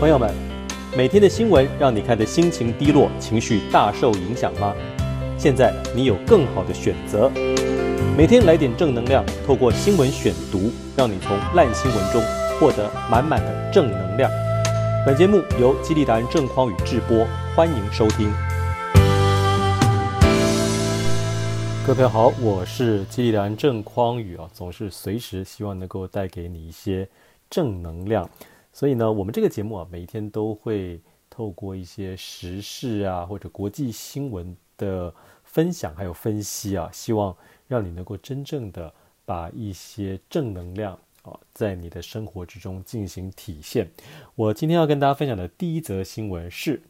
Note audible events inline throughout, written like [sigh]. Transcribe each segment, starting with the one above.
朋友們，每天的新聞讓你看的心情低落，情緒大受影響嗎？現在你有更好的選擇，每天來點正能量，透過新聞選讀，讓你從爛新聞中獲得滿滿的正能量。本節目由激勵達人鄭匡宇製播，歡迎收聽。各位好，我是激勵達人鄭匡宇啊，總是隨時希望能夠帶給你一些正能量。所以呢，我們這個節目啊，每天都會透過一些時事啊，或者國際新聞的分享，還有分析啊，希望讓你能夠真正的把一些正能量啊，在你的生活之中進行體現。我今天要跟大家分享的第一則新聞是，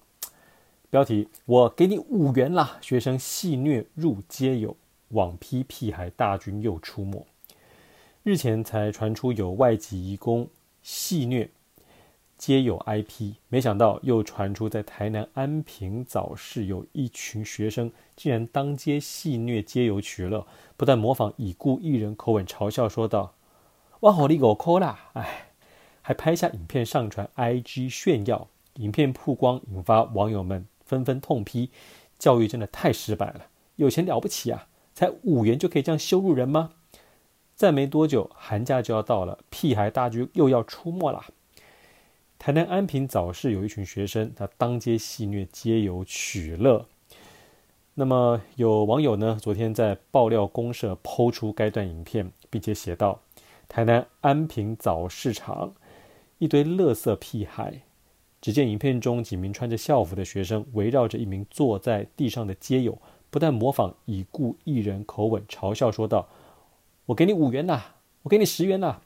標題：我給你五元啦！學生戲虐辱街友，網批屁孩大軍又出沒。日前才傳出有外籍義工戲虐，街友 IP，沒想到又傳出在台南安平早市有一群學生竟然當街戲虐街友取樂，不但模仿已故藝人口吻嘲笑說道：“我好你狗扣啦！”哎，還拍下影片上傳 IG 炫耀。影片曝光，引發網友們紛紛痛批：教育真的太失敗了！有錢了不起啊？才五元就可以這樣羞辱人嗎？再沒多久，寒假就要到了，屁孩大軍又要出沒啦！台南安平早市有一群學生，他當街戲謔街友取樂。那麼有網友呢，昨天在爆料公社拋出該段影片，並且寫道：“台南安平早市場一堆樂色屁孩。”只見影片中幾名穿着校服的學生圍繞着一名坐在地上的街友，不但模仿已故藝人口吻嘲笑說道：“我給你五元吶、啊，我給你十元吶、啊。”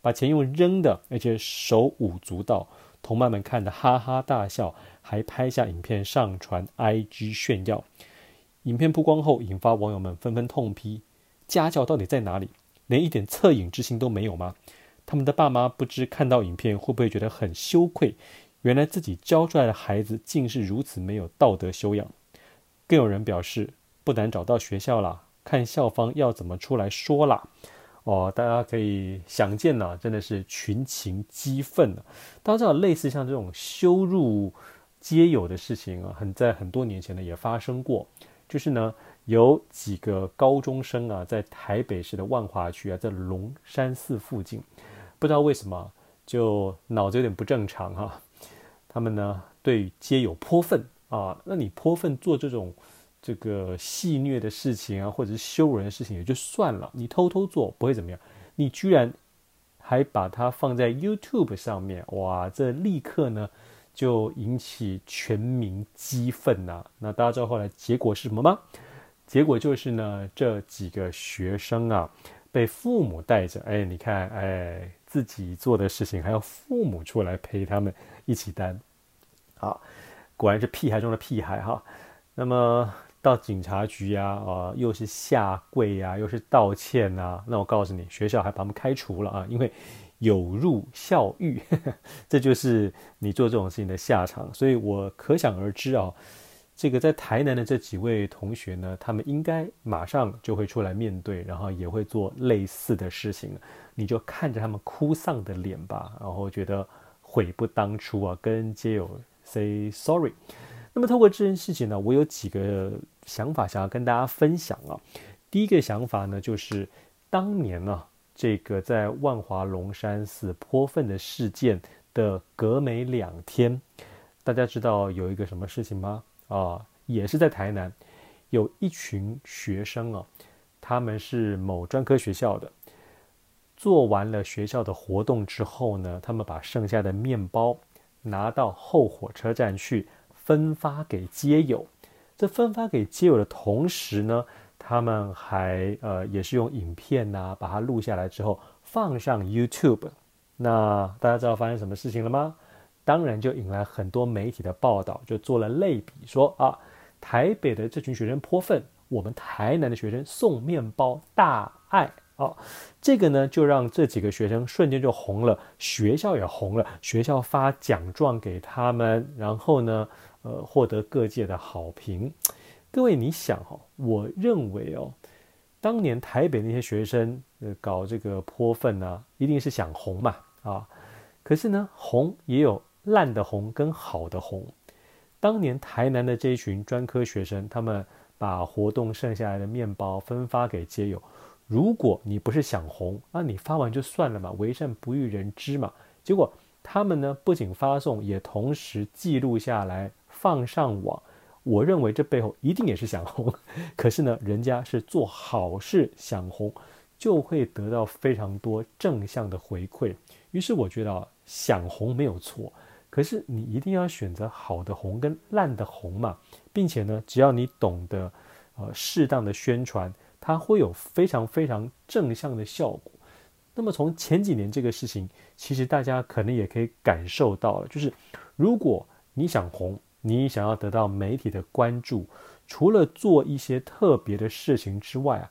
把錢用扔的，而且手舞足蹈，同伴們看得哈哈大笑，還拍下影片上傳 IG 炫耀。影片曝光後，引發網友們紛紛痛批：家教到底在哪裡？連一點惻隱之心都沒有嗎？他們的爸媽不知看到影片會不會覺得很羞愧？原來自己教出來的孩子竟是如此沒有道德修養。更有人表示：不難找到學校了，看校方要怎麼出來說了。哦，大家可以想見吶、啊，真的是群情激憤的、啊。大家知道，類似像這種羞辱街友的事情啊，很在很多年前呢也發生過。就是呢，有幾個高中生啊，在台北市的萬華區啊，在龍山寺附近，不知道為什麼就腦子有點不正常哈、啊。他們呢對街友潑糞啊，那你潑糞做這種這個戲虐的事情啊，或者是羞辱人的事情，也就算了。你偷偷做不會怎麼樣，你居然還把它放在 YouTube 上面，哇！這立刻呢就引起全民激憤吶、啊。那大家知道後來結果是什麼嗎？結果就是呢，這幾個學生啊被父母帶着，哎，你看，哎，自己做的事情還要父母出來陪他們一起擔。好，果然是屁孩中的屁孩哈。那麼。到警察局呀、啊，啊、呃，又是下跪呀、啊，又是道歉啊。那我告訴你，學校還把他們開除了啊，因為有辱校譽。這就是你做這種事情的下場。所以我可想而知啊、哦，這個在台南的這幾位同學呢，他們應該馬上就會出來面對，然後也會做類似的事情。你就看着他們哭喪的臉吧，然後覺得悔不當初啊，跟街友 say sorry。那麼，透過這件事情呢，我有幾個想法想要跟大家分享啊。第一個想法呢，就是當年呢，啊，這個在萬華龍山寺潑糞的事件的隔沒兩天，大家知道有一個什麼事情嗎？啊，也是在台南，有一群學生啊，他們是某專科學校的，做完了學校的活動之後呢，他們把剩下的麵包拿到後火車站去。分發給街友，在分發給街友的同時呢，他們還呃也是用影片吶、啊、把它錄下來之後放上 YouTube。那大家知道發生什麼事情了嗎？當然就引來很多媒體的報道，就做了類比說啊，台北的這群學生潑糞，我們台南的學生送麵包大愛哦、啊。這個呢就讓這幾個學生瞬間就紅了，學校也紅了，學校發獎狀給他們，然後呢。呃，獲得各界的好評。各位，你想哦，我認為哦，當年台北那些學生、呃、搞這個潑糞呢，一定是想紅嘛啊。可是呢，紅也有爛的紅跟好的紅。當年台南的這一群專科學生，他們把活動剩下來的麵包分發給街友。如果你不是想紅，那、啊、你發完就算了嘛，為善不欲人知嘛。結果他們呢，不僅發送，也同時記錄下來。放上網，我認為這背後一定也是想紅。可是呢，人家是做好事想紅，就會得到非常多正向的回饋。於是我覺得啊，想紅沒有錯，可是你一定要選擇好的紅跟爛的紅嘛，並且呢，只要你懂得，呃，適當的宣傳，它會有非常非常正向的效果。那麼從前幾年這個事情，其實大家可能也可以感受到了，就是如果你想紅，你想要得到媒體的關注，除了做一些特別的事情之外啊，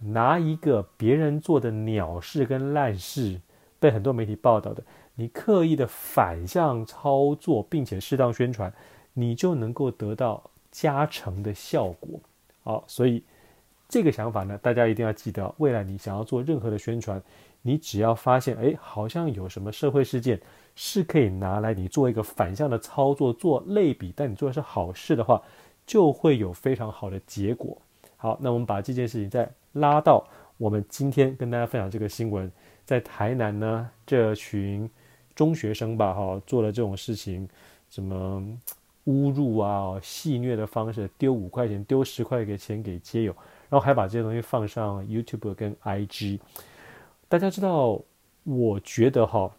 拿一個別人做的鳥事跟爛事被很多媒體報道的，你刻意的反向操作，並且適當宣傳，你就能夠得到加成的效果。好，所以這個想法呢，大家一定要記得，未來你想要做任何的宣傳。你只要發現，哎，好像有什麼社會事件是可以拿來你做一個反向的操作，做類比，但你做的是好事的話，就會有非常好的結果。好，那我們把這件事情再拉到我們今天跟大家分享這個新聞，在台南呢，這群中學生吧，哈，做了這種事情，什麼侮辱啊、戲謔的方式，丟五塊錢、丟十塊錢給街友，然後還把這些東西放上 YouTube 跟 IG。大家知道，我覺得哈、哦，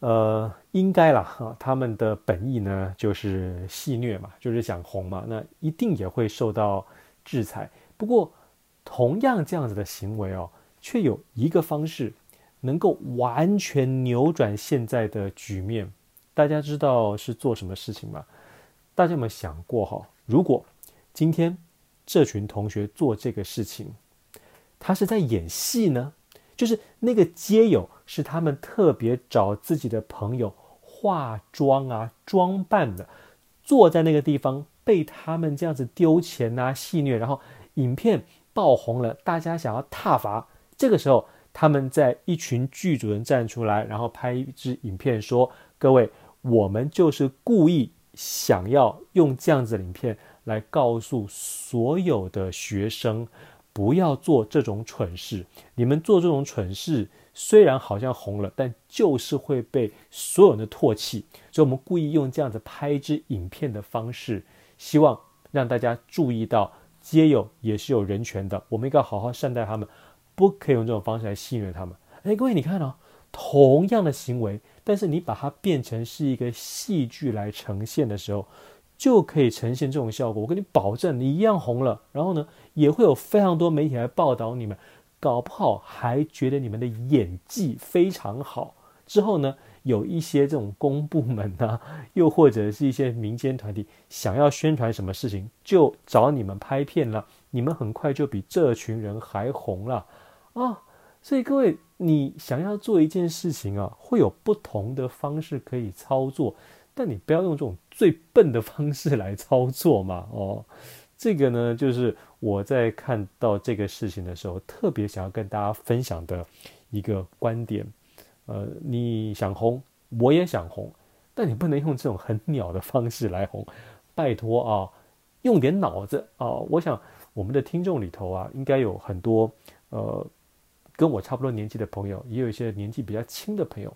呃，應該啦哈、哦，他們的本意呢就是戲謔嘛，就是想紅嘛，那一定也會受到制裁。不過，同樣這樣子的行為哦，卻有一個方式能夠完全扭轉現在的局面。大家知道是做什麼事情嗎？大家有沒有想過哈，如果今天這群同學做這個事情，他是在演戲呢？就是那個街友，是他們特別找自己的朋友化妝啊、裝扮的，坐在那個地方被他們這樣子丟錢啊、戲謔，然後影片爆紅了，大家想要撻伐。這個時候，他們在一群劇組人站出來，然後拍一支影片說：“各位，我們就是故意想要用這樣子的影片來告訴所有的學生。”不要做這種蠢事！你們做這種蠢事，雖然好像紅了，但就是會被所有人的唾棄。所以我們故意用這樣子拍一支影片的方式，希望讓大家注意到，街友也是有人權的，我們應該要好好善待他們，不可以用這種方式來戲謔他們。誒、哎，各位，你看哦，同樣的行為，但是你把它變成是一個戲劇來呈現的時候，就可以呈現這種效果。我跟你保證，你一樣紅了。然後呢？也會有非常多媒體來報道你們，搞不好還覺得你們的演技非常好。之後呢，有一些這種公部門吶、啊，又或者是一些民間團體想要宣傳什麼事情，就找你們拍片了。你們很快就比這群人還紅了啊、哦！所以各位，你想要做一件事情啊，會有不同的方式可以操作，但你不要用這種最笨的方式來操作嘛。哦，這個呢，就是。我在看到這個事情的時候，特別想要跟大家分享的一個觀點，呃，你想紅，我也想紅，但你不能用這種很鳥的方式來紅，拜託啊，用點腦子啊，呃！我想我們的聽眾裡頭啊，應該有很多呃跟我差不多年紀的朋友，也有一些年紀比較輕的朋友，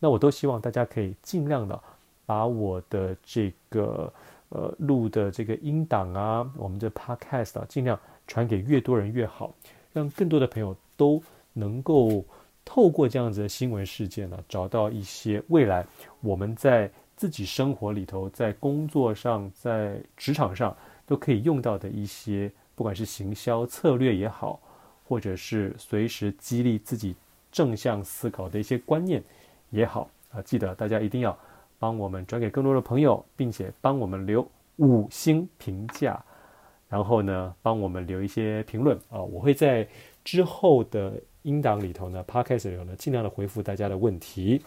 那我都希望大家可以盡量的把我的這個。呃，錄的這個音檔啊，我們的 Podcast 啊，盡量傳給越多人越好，讓更多的朋友都能夠透過這樣子的新聞事件呢，找到一些未來我們在自己生活裡頭、在工作上、在職場上都可以用到的一些，不管是行銷策略也好，或者是隨時激勵自己正向思考的一些觀念也好啊，記得大家一定要。幫我們轉給更多的朋友，並且幫我們留五星評價，然後呢，幫我們留一些評論啊！我會在之後的音檔裡頭呢，Podcast 裡頭呢，盡量的回復大家的問題。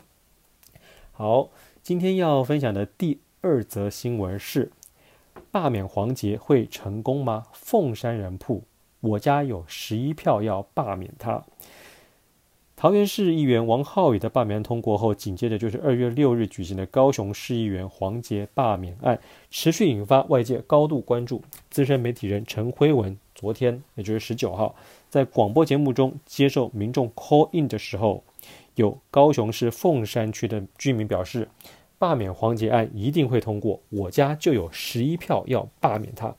好，今天要分享的第二則新聞是：罷免黃捷會成功嗎？鳳山人鋪，我家有十一票要罷免他。桃園市議員王浩宇的罷免案通過後，緊接着就是二月六日舉行的高雄市議員黃捷罷免案，持續引發外界高度關注。資深媒體人陳輝文昨天，也就是十九號，在廣播節目中接受民眾 call in 的時候，有高雄市鳳山區的居民表示，罷免黃捷案一定會通過，我家就有十一票要罷免他。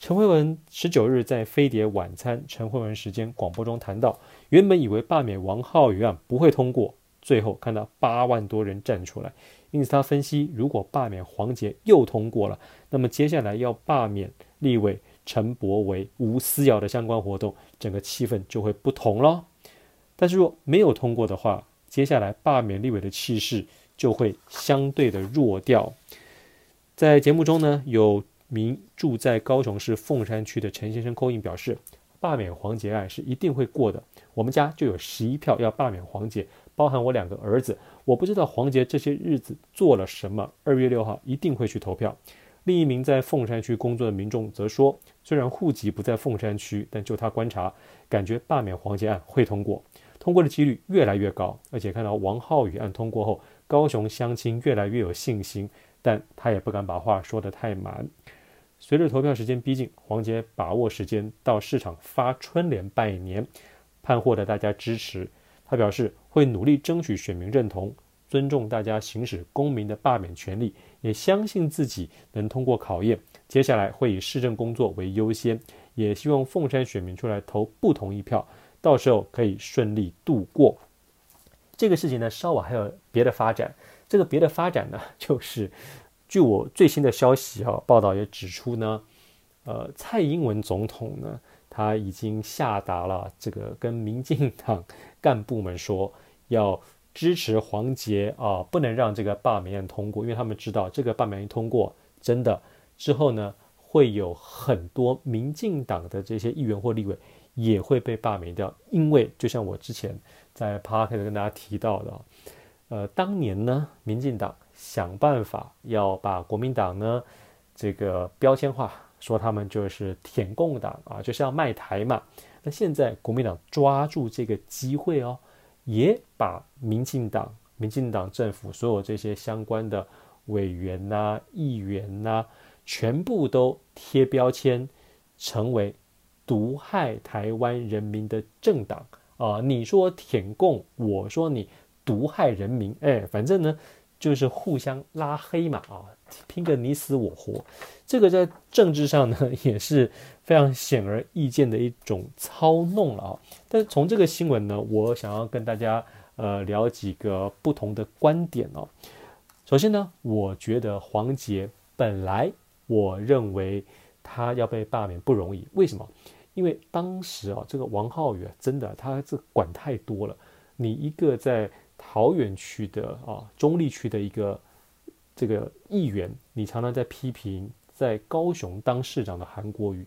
陳揮文十九日在《飛碟晚餐》陳揮文時間廣播中談到，原本以為罷免王浩宇案不會通過，最後看到八萬多人站出來，因此他分析，如果罷免黃捷又通過了，那麼接下來要罷免立委陳柏惟、吳思瑤的相關活動，整個氣氛就會不同了。但是若沒有通過的話，接下來罷免立委的氣勢就會相對的弱掉。在節目中呢，有名住在高雄市鳳山區的陳先生 call in 表示，罷免黃捷案是一定會過的，我們家就有十一票要罷免黃捷，包含我兩個兒子。我不知道黃捷這些日子做了什麼，二月六號一定會去投票。另一名在鳳山區工作的民眾則說，雖然戶籍不在鳳山區，但就他觀察，感覺罷免黃捷案會通過，通過的幾率越來越高。而且看到王浩宇案通過後，高雄鄉親越來越有信心，但他也不敢把話說得太滿。隨着投票時間逼近，黃捷把握時間到市場發春聯拜年，盼獲得大家支持。他表示會努力爭取選民認同，尊重大家行使公民的罷免權利，也相信自己能通過考驗。接下來會以市政工作為優先，也希望鳳山選民出來投不同意票，到時候可以順利度過這個事情呢。稍晚還有別的發展，這個別的發展呢，就是。據我最新的消息啊、哦，報道也指出呢，呃，蔡英文總統呢，他已經下達了這個跟民進黨幹部們說，要支持黃捷啊、呃，不能讓這個罷免案通過，因為他們知道這個罷免案通過真的之後呢，會有很多民進黨的這些議員或立委也會被罷免掉，因為就像我之前在 park 跟大家提到的，呃，當年呢，民進黨。想辦法要把國民黨呢，這個標籤化，說他們就是舔共黨啊，就是要賣台嘛。那現在國民黨抓住這個機會哦，也把民進黨、民進黨政府所有這些相關的委員吶、啊、議員吶、啊，全部都貼標籤，成為毒害台灣人民的政黨啊、呃。你說舔共，我說你毒害人民，哎，反正呢。就是互相拉黑嘛，啊，拼個你死我活，這個在政治上呢也是非常顯而易見的一種操弄了啊。但是從這個新聞呢，我想要跟大家呃聊幾個不同的觀點哦。首先呢，我覺得黃捷本來我認為他要被罷免不容易，為什麼？因為當時啊，這個王浩宇啊，真的啊，他這管太多了，你一個在。桃園區的啊中立區的一個這個議員，你常常在批評在高雄當市長的韓國瑜，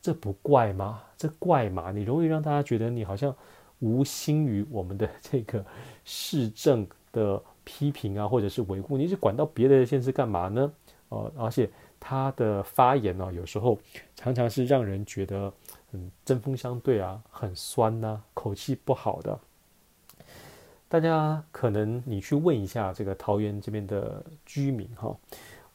這不怪嗎？這怪嗎？你容易讓大家覺得你好像無心於我們的這個市政的批評啊，或者是維護，你是管到別的縣市幹嘛呢？呃、啊，而且他的發言呢、啊，有時候常常是讓人覺得嗯針鋒相對啊，很酸吶、啊，口氣不好的。大家可能你去問一下這個桃園這邊的居民哈、哦，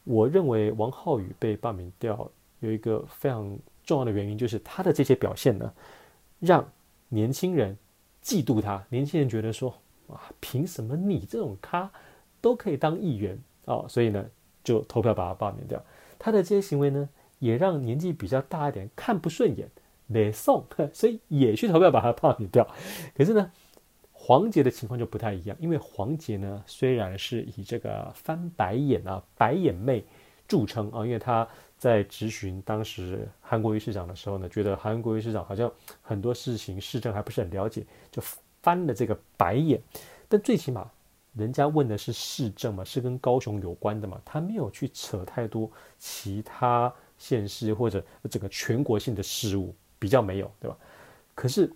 我認為王浩宇被罷免掉有一個非常重要的原因，就是他的這些表現呢，讓年輕人嫉妒他，年輕人覺得說啊，憑什麼你這種咖都可以當議員啊、哦？所以呢，就投票把他罷免掉。他的這些行為呢，也讓年紀比較大一點看不順眼，沒送，所以也去投票把他罷免掉。可是呢，黃捷的情況就不太一樣，因為黃捷呢雖然是以這個翻白眼啊、白眼妹著稱啊，因為他在質詢當時韓國瑜市長的時候呢，覺得韓國瑜市長好像很多事情市政還不是很了解，就翻了這個白眼。但最起碼人家問的是市政嘛，是跟高雄有關的嘛，他沒有去扯太多其他縣市或者整個全國性的事務，比較沒有，對吧？可是。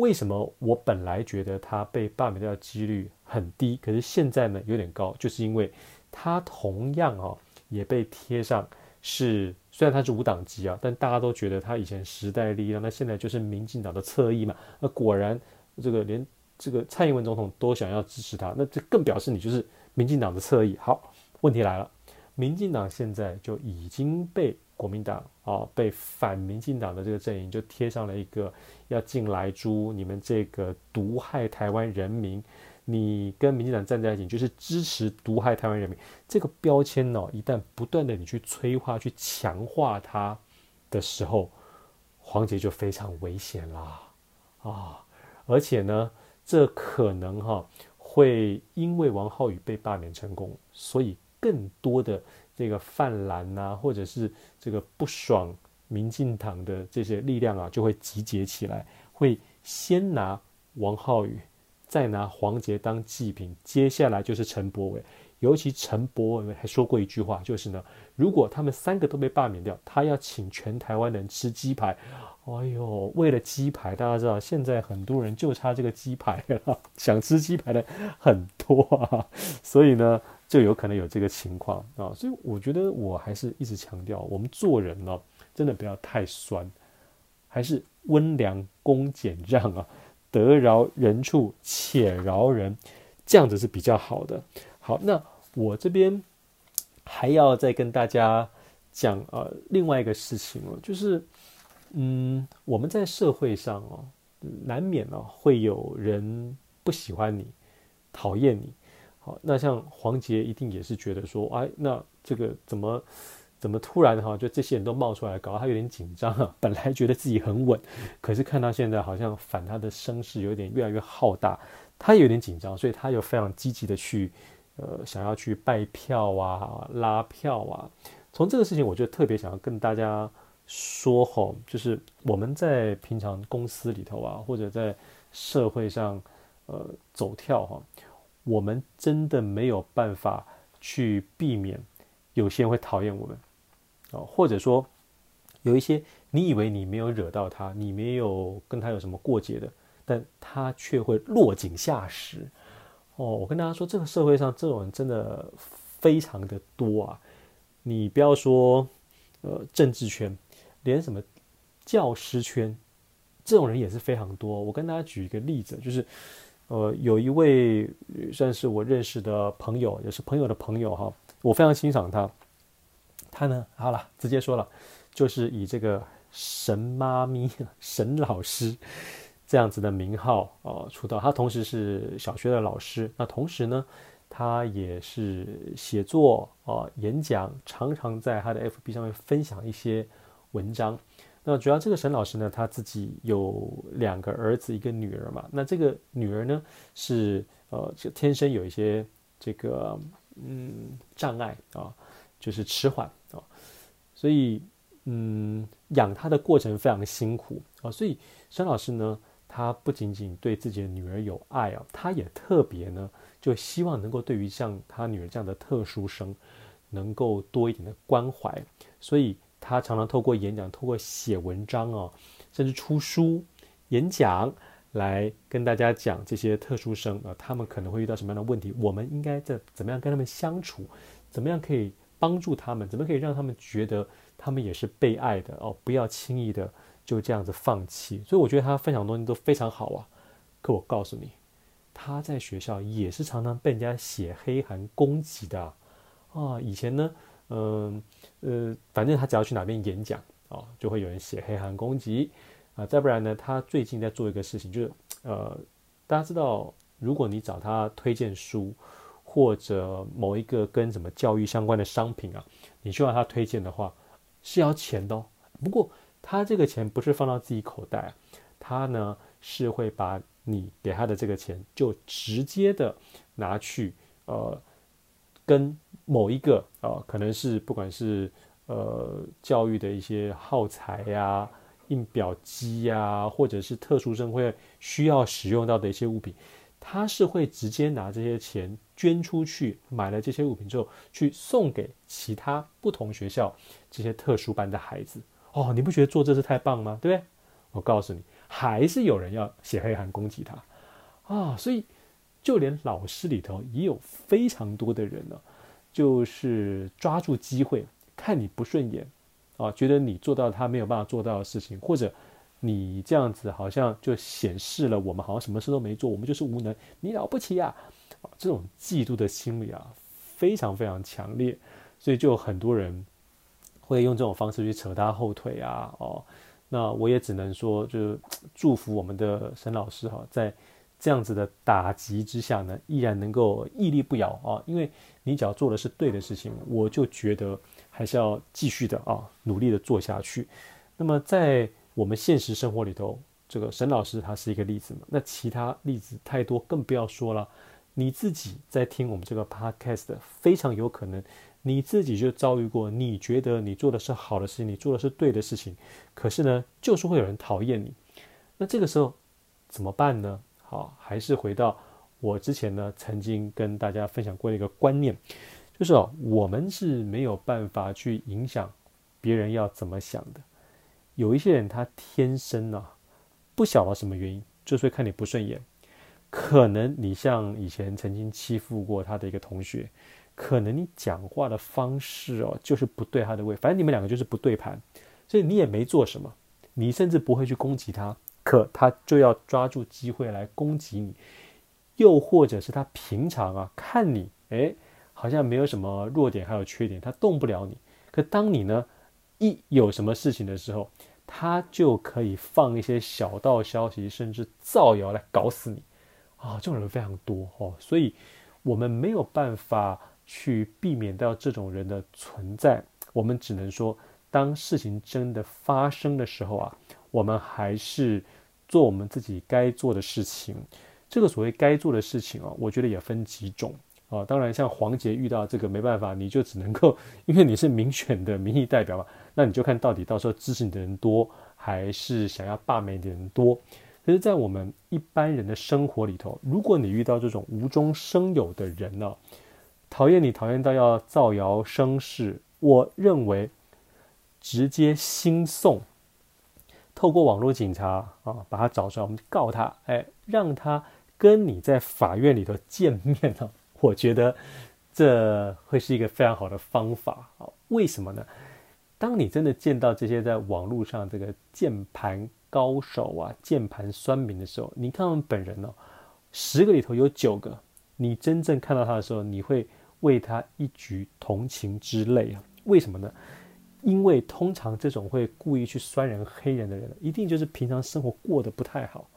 為什麼我本來覺得他被罷免掉的幾率很低，可是現在呢有點高，就是因為他同樣啊、哦、也被貼上是雖然他是無黨籍啊，但大家都覺得他以前時代力量，那現在就是民進黨的側翼嘛。那果然這個連這個蔡英文總統都想要支持他，那這更表示你就是民進黨的側翼。好，問題來了，民進黨現在就已經被。國民黨啊、哦，被反民進黨的這個陣營就貼上了一個要進萊豬你們這個毒害台灣人民，你跟民進黨站在一起，就是支持毒害台灣人民這個標籤呢、哦。一旦不斷的你去催化、去強化它的時候，黃捷就非常危險啦啊！而且呢，這可能哈、哦、會因為王浩宇被罷免成功，所以更多的。這個泛藍啊，或者是這個不爽民進黨的這些力量啊，就會集結起來，會先拿王浩宇，再拿黃捷當祭品，接下來就是陳柏惟。尤其陳柏惟還說過一句話，就是呢，如果他們三個都被罷免掉，他要請全台灣人吃雞排。哎呦，為了雞排，大家知道現在很多人就差這個雞排了，想吃雞排的很多啊，所以呢。就有可能有這個情況啊，所以我覺得我還是一直強調，我們做人呢、啊，真的不要太酸，還是溫良恭儉讓啊，得饒人處且饒人，這樣子是比較好的。好，那我這邊還要再跟大家講啊，另外一個事情哦、啊，就是嗯，我們在社會上哦、啊，難免呢、啊、會有人不喜歡你，討厭你。那像黃捷一定也是覺得說，哎，那這個怎麼怎麼突然哈、啊，就這些人都冒出來搞，他有點緊張啊。本來覺得自己很穩，可是看到現在好像反他的聲勢有點越來越浩大，他也有點緊張，所以他就非常積極的去呃想要去拜票啊、拉票啊。從這個事情，我就特別想要跟大家說吼，就是我們在平常公司裡頭啊，或者在社會上呃走跳哈、啊。我們真的沒有辦法去避免，有些人會討厭我們，或者說，有一些你以為你沒有惹到他，你沒有跟他有什麼過節的，但他卻會落井下石。哦，我跟大家說，這個社會上這種人真的非常的多啊！你不要說，呃，政治圈，連什麼教師圈，這種人也是非常多。我跟大家舉一個例子，就是。呃，有一位算是我認識的朋友，也是朋友的朋友哈，我非常欣賞他。他呢，好了，直接說了，就是以這個“神媽咪”“神老師”這樣子的名號啊、呃、出道。他同時是小學的老師，那同時呢，他也是寫作啊、呃、演講，常常在他的 FB 上面分享一些文章。那主要這個沈老師呢，他自己有兩個兒子，一個女兒嘛。那這個女兒呢，是呃，天生有一些這個嗯障礙啊、呃，就是遲緩啊、呃，所以嗯，養她的過程非常辛苦啊、呃。所以沈老師呢，他不僅僅對自己的女兒有愛啊，他也特別呢，就希望能夠對於像他女兒這樣的特殊生，能夠多一點的關懷，所以。他常常透過演講、透過寫文章啊、哦，甚至出書、演講來跟大家講這些特殊生啊、呃，他們可能會遇到什麼樣的問題，我們應該在怎麼樣跟他們相處，怎麼樣可以幫助他們，怎麼可以讓他們覺得他們也是被愛的哦，不要輕易的就這樣子放棄。所以我覺得他分享的東西都非常好啊。可我告訴你，他在學校也是常常被人家寫黑函攻擊的啊。以前呢？嗯呃、呃，反正他只要去哪邊演講，哦，就會有人寫黑函攻擊啊，呃。再不然呢，他最近在做一個事情，就是呃，大家知道，如果你找他推薦書或者某一個跟什麼教育相關的商品啊，你希望他推薦的話，是要錢的哦。不過他這個錢不是放到自己口袋，他呢是會把你給他的這個錢，就直接的拿去呃。跟某一個啊、呃，可能是不管是呃教育的一些耗材呀、啊、印表機呀、啊，或者是特殊生會需要使用到的一些物品，他是會直接拿這些錢捐出去，買了這些物品之後去送給其他不同學校這些特殊班的孩子。哦，你不覺得做這事太棒嗎？對不對？我告訴你，還是有人要寫黑函攻擊他啊、哦，所以。就連老師裡頭也有非常多的人呢、啊，就是抓住機會看你不順眼，啊，覺得你做到他沒有辦法做到的事情，或者你這樣子好像就顯示了我們好像什麼事都沒做，我們就是無能，你了不起呀、啊啊，這種嫉妒的心理啊非常非常強烈，所以就很多人會用這種方式去扯他後腿啊，哦、啊，那我也只能說就是祝福我們的沈老師哈、啊，在。這樣子的打擊之下呢，依然能夠屹立不搖啊！因為你只要做的是對的事情，我就覺得還是要繼續的啊，努力的做下去。那麼在我們現實生活裡頭，這個沈老師他是一個例子嘛，那其他例子太多，更不要說了。你自己在聽我們這個 podcast，非常有可能你自己就遭遇過，你覺得你做的是好的事情，你做的是對的事情，可是呢，就是會有人討厭你。那這個時候怎麼辦呢？好，還是回到我之前呢，曾經跟大家分享過的一個觀念，就是哦，我們是沒有辦法去影響別人要怎麼想的。有一些人他天生啊，不曉得什麼原因，就是會看你不順眼。可能你像以前曾經欺負過他的一個同學，可能你講話的方式哦，就是不對他的味，反正你們兩個就是不對盤。所以你也沒做什麼，你甚至不會去攻擊他。可他就要抓住機會來攻擊你，又或者是他平常啊，看你哎，好像沒有什麼弱點還有缺點，他動不了你。可當你呢，一有什麼事情的時候，他就可以放一些小道消息，甚至造謠來搞死你啊！這種人非常多哦，所以我們沒有辦法去避免掉這種人的存在。我們只能說，當事情真的發生的時候啊。我們還是做我們自己該做的事情。這個所謂該做的事情啊，我覺得也分幾種啊。當然，像黃捷遇到這個沒辦法，你就只能夠，因為你是民選的民意代表嘛，那你就看到底到時候支持你的人多還是想要罷免你的人多。可是，在我們一般人的生活裡頭，如果你遇到這種無中生有的人呢、啊，討厭你討厭到要造謠生事，我認為直接心送。透過網絡警察啊，把他找出來，我們就告他，哎，讓他跟你在法院裡頭見面，啊，我覺得這會是一個非常好的方法啊。為什麼呢？當你真的見到這些在網絡上這個鍵盤高手啊、鍵盤酸民的時候，你看我們本人呢，十個裡頭有九個，你真正看到他的時候，你會為他一掬同情之淚啊。為什麼呢？因為通常這種會故意去酸人黑人的人，一定就是平常生活過得不太好，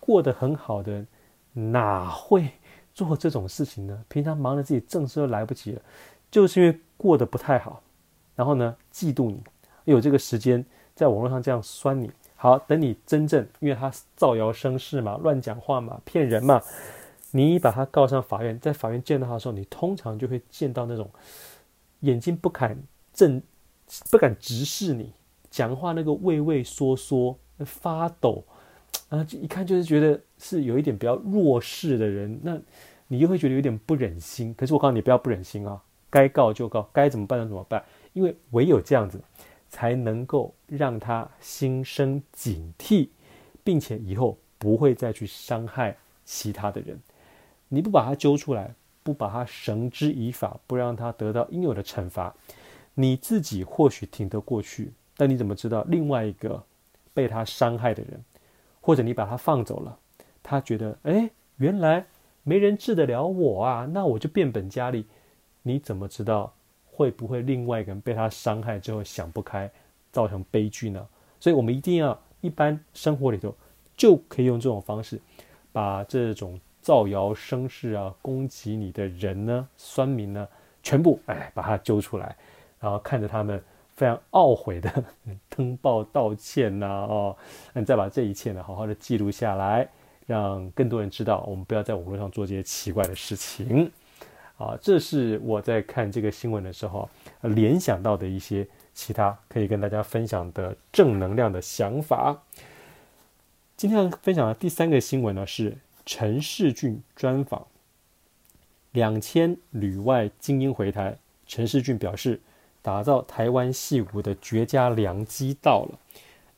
過得很好的人哪會做這種事情呢？平常忙着自己正事都來不及了，就是因為過得不太好，然後呢嫉妒你有這個時間在網絡上這樣酸你。好，等你真正因為他造謠生事嘛、亂講話嘛、騙人嘛，你把他告上法院，在法院見到他的時候，你通常就會見到那種眼睛不敢正。不敢直視你，講話那個畏畏縮縮、發抖，啊、呃，一看就是覺得是有一點比較弱勢的人，那你又會覺得有點不忍心。可是我告訴你，不要不忍心啊，該告就告，該怎麼辦就怎麼辦，因為唯有這樣子，才能夠讓他心生警惕，並且以後不會再去傷害其他的人。你不把他揪出來，不把他繩之以法，不讓他得到應有的懲罰。你自己或許挺得過去，但你怎麼知道另外一個被他傷害的人，或者你把他放走了，他覺得，哎，原來沒人治得了我啊，那我就變本加厲。你怎麼知道會不會另外一個人被他傷害之後想不開，造成悲劇呢？所以，我們一定要一般生活裡頭就可以用這種方式，把這種造謠生事啊、攻擊你的人呢、酸民呢，全部，哎，把他揪出來。然後看着他們非常懊悔的登報道歉吶、啊，哦，你再把這一切呢好好的記錄下來，讓更多人知道，我們不要在網絡上做這些奇怪的事情，啊，這是我在看這個新聞的時候聯想到的一些其他可以跟大家分享的正能量的想法。今天分享的第三個新聞呢是陳士駿專訪，兩千旅外精英回台，陳士駿表示。打造台灣矽谷的絕佳良機到了。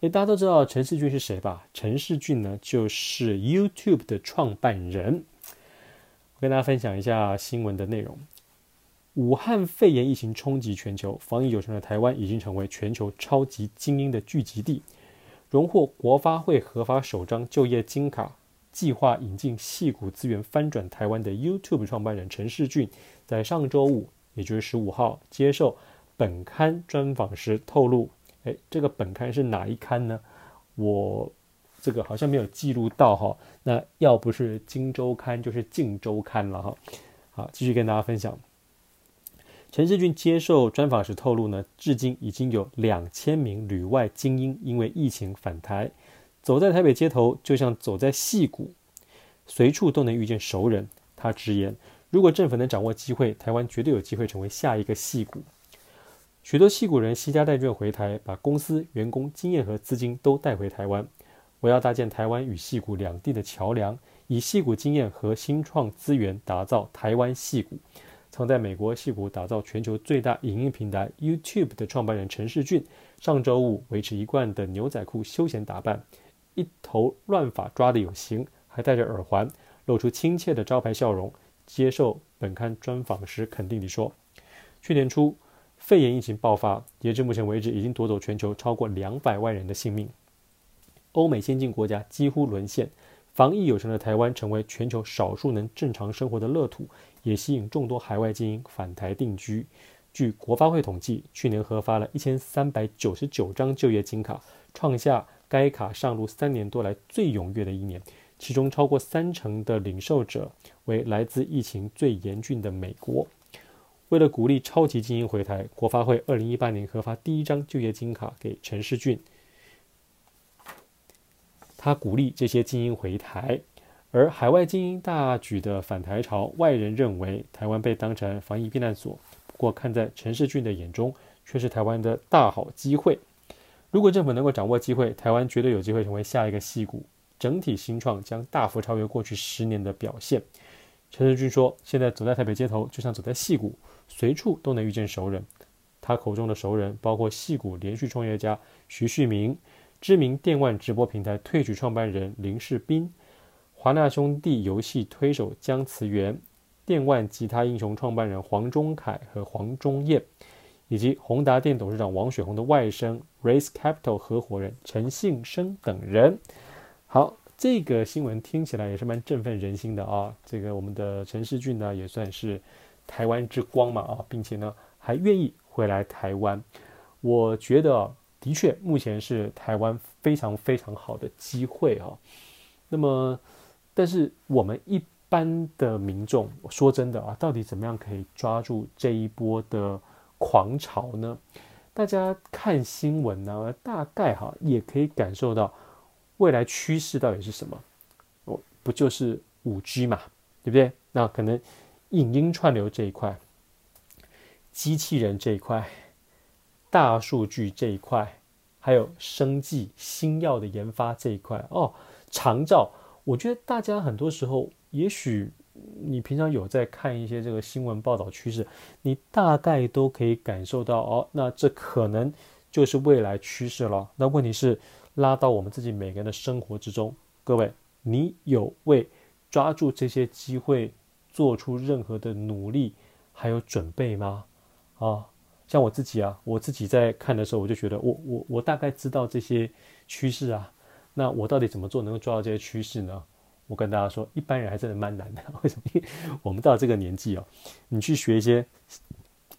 誒，大家都知道陳士駿是誰吧？陳士駿呢，就是 YouTube 的創辦人。我跟大家分享一下新聞的內容：武漢肺炎疫情衝擊全球，防疫有成的台灣已經成為全球超級精英的聚集地。榮獲國發會合法首張就業金卡計劃引進矽谷資源翻轉台灣的 YouTube 創辦人陳士駿，在上周五，也就是十五號，接受。本刊專訪時透露，誒，這個本刊是哪一刊呢？我這個好像沒有記錄到哈。那要不是《今週刊》就是《鏡周刊》了哈。好，繼續跟大家分享。陳士駿接受專訪時透露呢，至今已經有兩千名旅外精英因為疫情返台，走在台北街頭就像走在矽谷，隨處都能遇見熟人。他直言，如果政府能掌握機會，台灣絕對有機會成為下一個矽谷。許多矽谷人攜家帶眷，回台，把公司、員工經驗和資金都帶回台灣。我要搭建台灣與矽谷兩地的橋梁，以矽谷經驗和新創資源打造台灣矽谷。曾在美國矽谷打造全球最大影音平台 YouTube 的創辦人陳士駿，上周五維持一貫的牛仔褲休閒打扮，一頭亂髮抓得有型，還戴着耳環，露出親切的招牌笑容。接受本刊專訪時，肯定地說：“去年初。”肺炎疫情爆發，截至目前為止，已經奪走全球超過兩百萬人的性命。歐美先進國家幾乎淪陷，防疫有成的台灣成為全球少數能正常生活的樂土，也吸引眾多海外精英返台定居。據國發會統計，去年核發了一千三百九十九張就業金卡，創下該卡上路三年多來最踴躍的一年，其中超過三成的領受者為來自疫情最嚴峻的美國。為了鼓勵超級精英回台，國發會二零一八年核發第一張就業金卡給陳士駿，他鼓勵這些精英回台，而海外精英大舉的返台潮，外人認為台灣被當成防疫避難所，不過看在陳士駿的眼中，卻是台灣的大好機會。如果政府能夠掌握機會，台灣絕對有機會成為下一個矽谷，整體新創將大幅超越過去十年的表現。陳士駿說：“現在走在台北街頭，就像走在矽谷。”隨處都能遇見熟人，他口中的熟人包括矽谷連續創業家徐旭明、知名電玩直播平台退去創辦人林世斌、華納兄弟遊戲推手江慈源、電玩吉他英雄創辦人黃忠凱和黃忠彥，以及宏達電董事長王雪紅的外甥 Race Capital 合夥人陳幸生等人。好，這個新聞聽起來也是蠻振奮人心的啊！這個我們的陳士駿呢，也算是。台灣之光嘛，啊，並且呢還願意回來台灣，我覺得、哦、的確目前是台灣非常非常好的機會啊、哦。那麼，但是我們一般的民眾，說真的啊，到底怎麼樣可以抓住這一波的狂潮呢？大家看新聞呢，大概哈、哦、也可以感受到未來趨勢到底是什麼，我不就是五 G 嘛，對不對？那可能。影音串流這一塊，機器人這一塊，大數據這一塊，還有生技，新藥的研發這一塊哦，長照，我覺得大家很多時候，也許你平常有在看一些這個新聞報道趨勢，你大概都可以感受到哦，那這可能就是未來趨勢了。那問題是，拉到我們自己每個人的生活之中，各位，你有為抓住這些機會？做出任何的努力還有準備嗎？啊，像我自己啊，我自己在看的時候，我就覺得我我我大概知道這些趨勢啊。那我到底怎麼做能夠抓到這些趨勢呢？我跟大家說，一般人還真的蠻難的。為什麼？ [laughs] 因為我們到這個年紀哦，你去學一些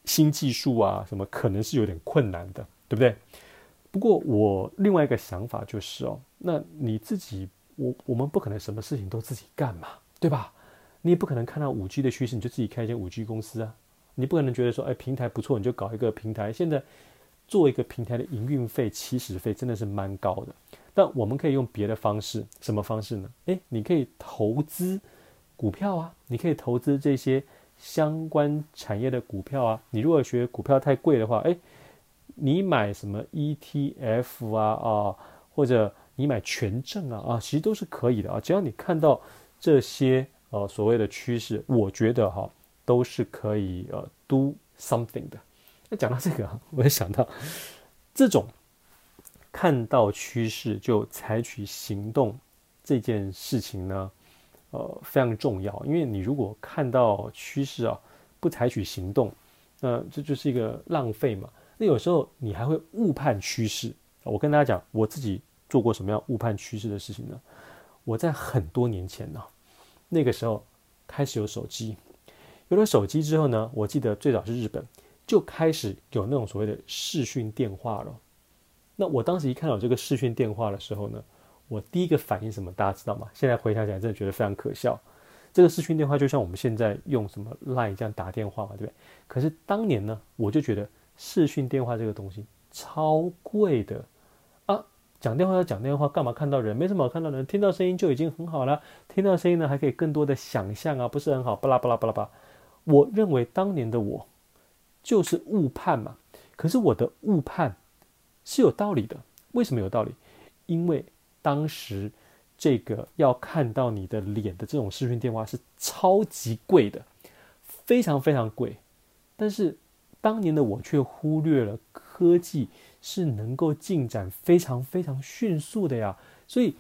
新技術啊，什麼可能是有點困難的，對不對？不過我另外一個想法就是哦，那你自己，我我們不可能什麼事情都自己幹嘛，對吧？你也不可能看到五 G 的趨勢，你就自己開一間五 G 公司啊！你不可能覺得說，哎、欸，平台不錯，你就搞一個平台。現在做一個平台的營運費、起始費真的是蠻高的。但我們可以用別的方式，什麼方式呢？哎、欸，你可以投資股票啊，你可以投資這些相關產業的股票啊。你如果學股票太貴的話，哎、欸，你買什麼 ETF 啊啊，或者你買權證啊啊，其實都是可以的啊。只要你看到這些。呃，所謂的趨勢，我覺得哈、哦、都是可以呃 do something 的。那講到這個，我也想到，這種看到趨勢就採取行動這件事情呢，呃非常重要。因為你如果看到趨勢啊不採取行動，那這就是一個浪費嘛。那有時候你還會誤判趨勢。我跟大家講，我自己做過什麼樣誤判趨勢的事情呢？我在很多年前呢、啊。那個時候開始有手機，有了手機之後呢，我記得最早是日本就開始有那種所謂的視訊電話了。那我當時一看到這個視訊電話的時候呢，我第一個反應什麼？大家知道嗎？現在回想起來真的覺得非常可笑。這個視訊電話就像我們現在用什麼 Line 這樣打電話嘛，對不對？可是當年呢，我就覺得視訊電話這個東西超貴的。講電話要講電話，幹嘛看到人？沒什麼好看到人，聽到聲音就已經很好了。聽到聲音呢，還可以更多的想象啊，不是很好。巴拉巴拉巴拉巴，我認為當年的我就是誤判嘛。可是我的誤判是有道理的，為什麼有道理？因為當時這個要看到你的臉的這種視訊電話是超級貴的，非常非常貴。但是當年的我卻忽略了科技。是能夠進展非常非常迅速的呀，所以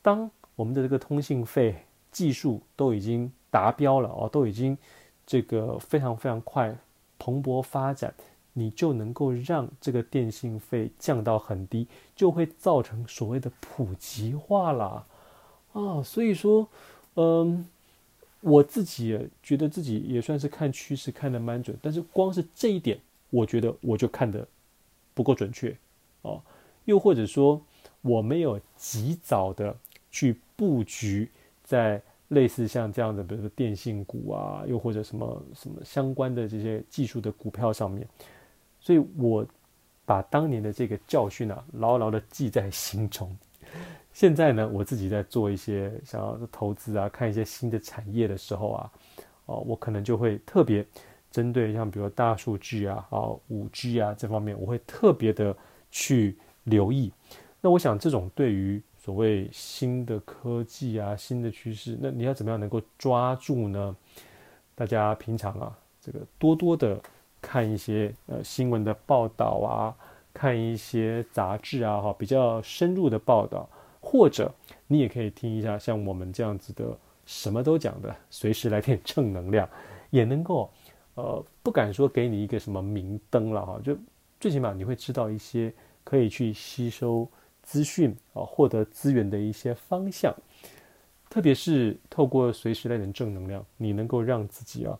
當我們的這個通信費技術都已經達標了哦，都已經這個非常非常快蓬勃發展，你就能夠讓這個電信費降到很低，就會造成所謂的普及化了啊，哦。所以說，嗯，我自己覺得自己也算是看趨勢看得蠻準，但是光是這一點，我覺得我就看得。不夠準確，哦，又或者說我沒有及早的去布局在類似像這樣的，比如說電信股啊，又或者什麼什麼相關的這些技術的股票上面，所以我把當年的這個教訓啊牢牢的記在心中。現在呢，我自己在做一些想要的投資啊，看一些新的產業的時候啊，哦，我可能就會特別。針對像比如大數據啊、啊 5G 啊這方面，我會特別的去留意。那我想，這種對於所謂新的科技啊、新的趨勢，那你要怎麼樣能夠抓住呢？大家平常啊，這個多多的看一些呃新聞的報道啊，看一些雜誌啊，哈、啊，比較深入的報道，或者你也可以聽一下像我們這樣子的什麼都講的，隨時來點正能量，也能夠。呃，不敢說給你一個什麼明燈了哈，就最起碼你會知道一些可以去吸收資訊啊、呃，獲得資源的一些方向。特別是透過隨時來點正能量，你能夠讓自己啊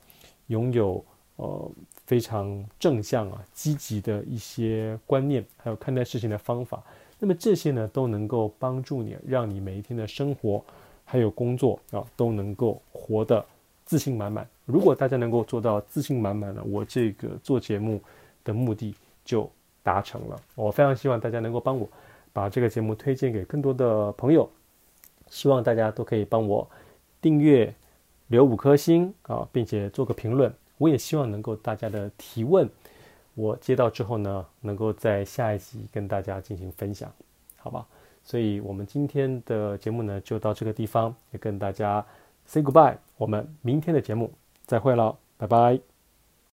擁有呃非常正向啊、積極的一些觀念，還有看待事情的方法。那麼這些呢，都能夠幫助你，讓你每一天的生活還有工作啊，都能夠活得。自信滿滿。如果大家能夠做到自信滿滿呢，我這個做節目的目的就達成了。我非常希望大家能夠幫我把這個節目推薦給更多的朋友，希望大家都可以幫我訂閱、留五顆星啊，並且做個評論。我也希望能夠大家的提問，我接到之後呢，能夠在下一集跟大家進行分享，好吧？所以我們今天的節目呢，就到這個地方，也跟大家。Say goodbye，我們明天的節目再會了，拜拜。